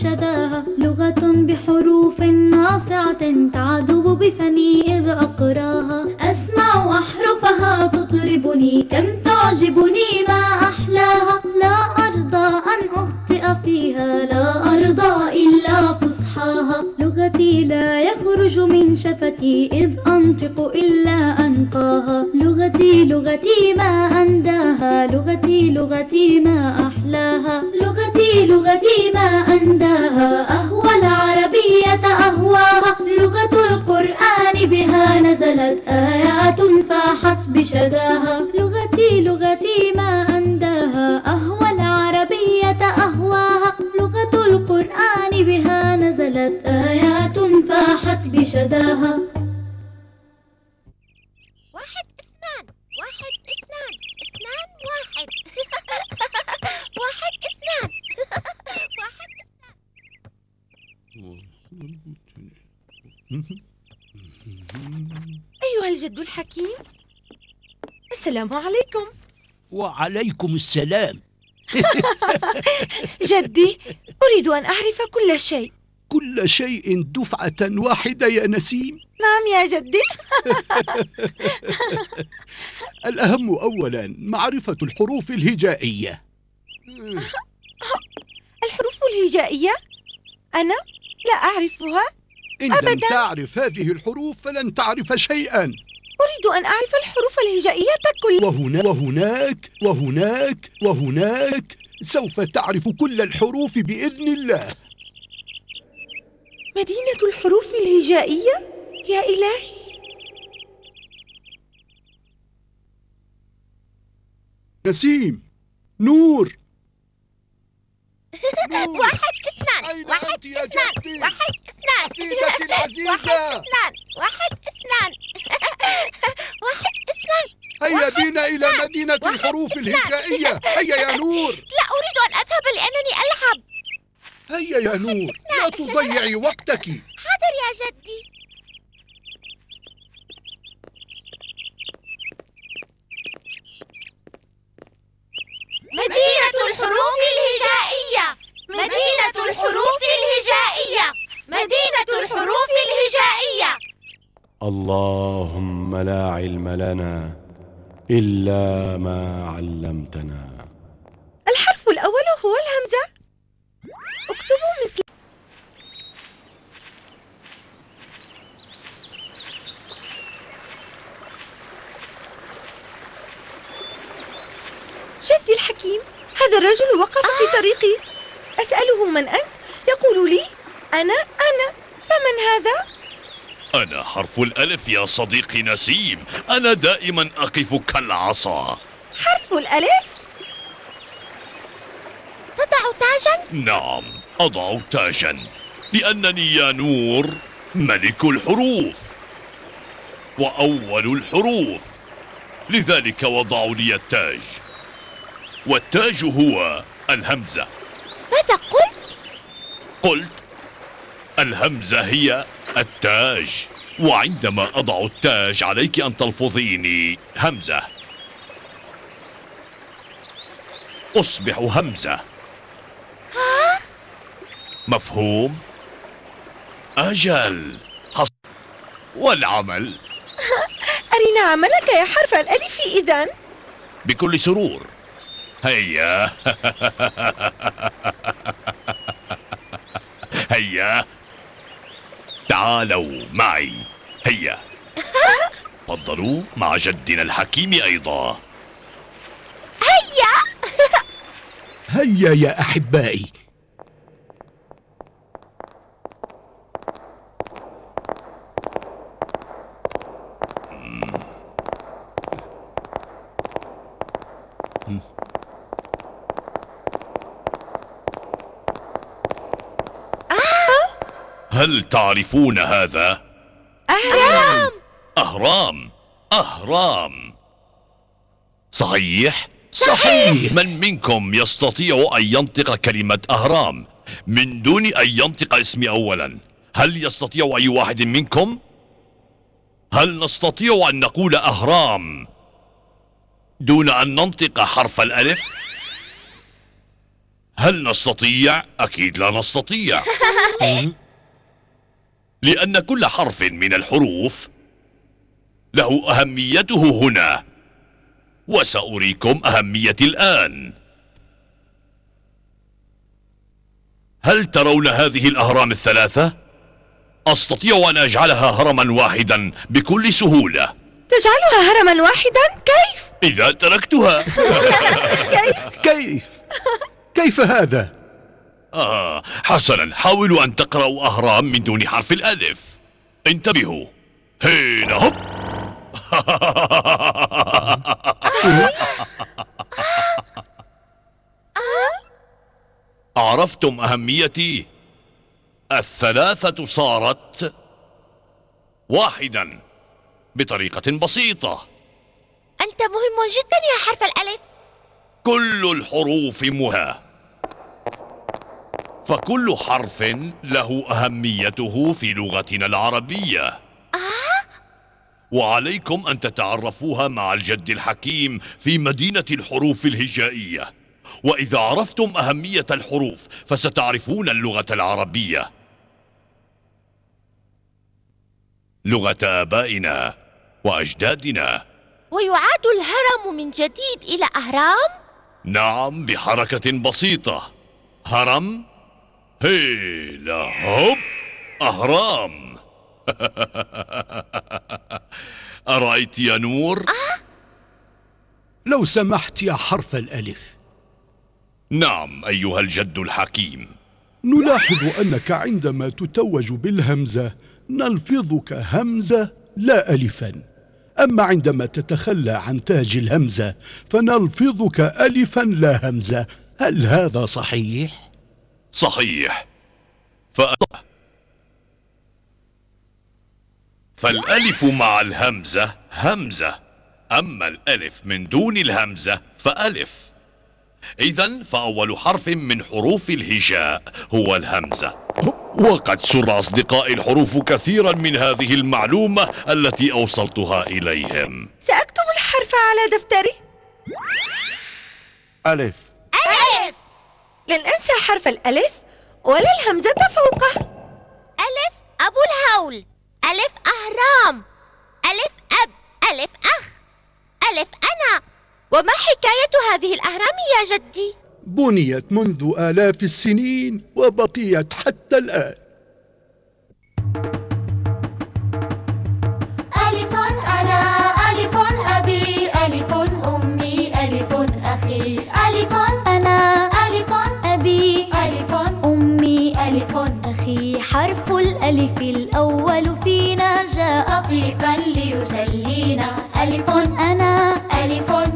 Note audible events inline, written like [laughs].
شداها لغة بحروف ناصعة تعذب بفمي إذ أقراها أسمع أحرفها تطربني كم تعجبني ما أحلاها لا أرضى أن أخطئ فيها لا أرضى إلا فصحاها لغتي لا يخرج من شفتي إذ أنطق إلا أنقاها لغتي لغتي ما أنداها لغتي لغتي ما أحلاها أهواها أهوى العربية أهواها لغة القرآن بها نزلت آيات فاحت بشداها لغتي لغتي ما أنداها أهوى العربية أهواها لغة القرآن بها نزلت آيات فاحت بشداها أيها الجد الحكيم السلام عليكم وعليكم السلام [laughs] جدي أريد أن أعرف كل شيء كل شيء دفعة واحدة يا نسيم نعم يا جدي [laughs] الأهم أولا معرفة الحروف الهجائية [laughs] الحروف الهجائية أنا لا أعرفها إن أبداً. لم تعرف هذه الحروف فلن تعرف شيئا أريد أن أعرف الحروف الهجائية كلها وهنا وهناك وهناك وهناك سوف تعرف كل الحروف بإذن الله مدينة الحروف الهجائية يا إلهي نسيم نور [laughs] واحد اثنان واحد أنت واحد اثنان سيدتي [laughs] العزيزة واحد اثنان واحد اثنان [laughs] واحد اثنان هيا بنا إلى مدينة الحروف الهجائية هيا يا نور لا أريد أن أذهب لأنني ألعب هيا يا نور لا تضيعي وقتك حاضر يا جدي اللهم لا علم لنا إلا ما علمتنا الحرف الأول هو الهمزة اكتبوا مثل جدي الحكيم هذا الرجل وقف آه. في طريقي أسأله من أنت يقول لي أنا أنا فمن هذا؟ أنا حرف الألف يا صديقي نسيم أنا دائما أقف كالعصا حرف الألف؟ تضع تاجا؟ نعم أضع تاجا لأنني يا نور ملك الحروف وأول الحروف لذلك وضعوا لي التاج والتاج هو الهمزة ماذا قلت؟ قلت الهمزة هي التاج وعندما أضع التاج عليك أن تلفظيني همزة أصبح همزة مفهوم؟ أجل حص... والعمل [laughs] أرنا عملك يا حرف الألف إذا بكل سرور هيا [laughs] هيا تعالوا معي هيا تفضلوا مع جدنا الحكيم أيضا هيا هيا يا أحبائي هل تعرفون هذا؟ أهرام أهرام أهرام صحيح؟ صحيح من منكم يستطيع أن ينطق كلمة أهرام من دون أن ينطق اسمي أولا هل يستطيع أي واحد منكم؟ هل نستطيع أن نقول أهرام دون أن ننطق حرف الألف؟ هل نستطيع؟ أكيد لا نستطيع [laughs] لأن كل حرف من الحروف له أهميته هنا وسأريكم أهميتي الآن هل ترون هذه الأهرام الثلاثة؟ أستطيع أن أجعلها هرما واحدا بكل سهولة تجعلها هرما واحدا؟ كيف؟ إذا تركتها [laughs] كيف؟ كيف؟ كيف هذا؟ آه حسنا حاولوا أن تقرأوا أهرام من دون حرف الألف انتبهوا هنا هوب [laughs] عرفتم أهميتي الثلاثة صارت واحدا بطريقة بسيطة أنت مهم جدا يا حرف الألف كل الحروف مها فكل حرف له أهميته في لغتنا العربية آه؟ وعليكم أن تتعرفوها مع الجد الحكيم في مدينة الحروف الهجائية وإذا عرفتم أهمية الحروف فستعرفون اللغة العربية لغة آبائنا وأجدادنا ويعاد الهرم من جديد إلى أهرام؟ نعم بحركة بسيطة هرم هيلا هوب أهرام [laughs] أرأيت يا نور؟ أه؟ لو سمحت يا حرف الألف نعم أيها الجد الحكيم نلاحظ أنك عندما تتوج بالهمزة نلفظك همزة لا ألفا أما عندما تتخلى عن تاج الهمزة فنلفظك ألفا لا همزة هل هذا صحيح؟ صحيح فأطلع فالألف مع الهمزة همزة أما الألف من دون الهمزة فألف إذا فأول حرف من حروف الهجاء هو الهمزة وقد سر أصدقائي الحروف كثيرا من هذه المعلومة التي أوصلتها إليهم سأكتب الحرف على دفتري ألف ألف لن أنسى حرف الألف ولا الهمزة فوقه ألف أبو الهول ألف أهرام ألف أب ألف أخ ألف أنا وما حكاية هذه الأهرام يا جدي؟ بنيت منذ آلاف السنين وبقيت حتى الآن حرف الألف الأول فينا جاء لطيفا ليسلينا ألف أنا ألف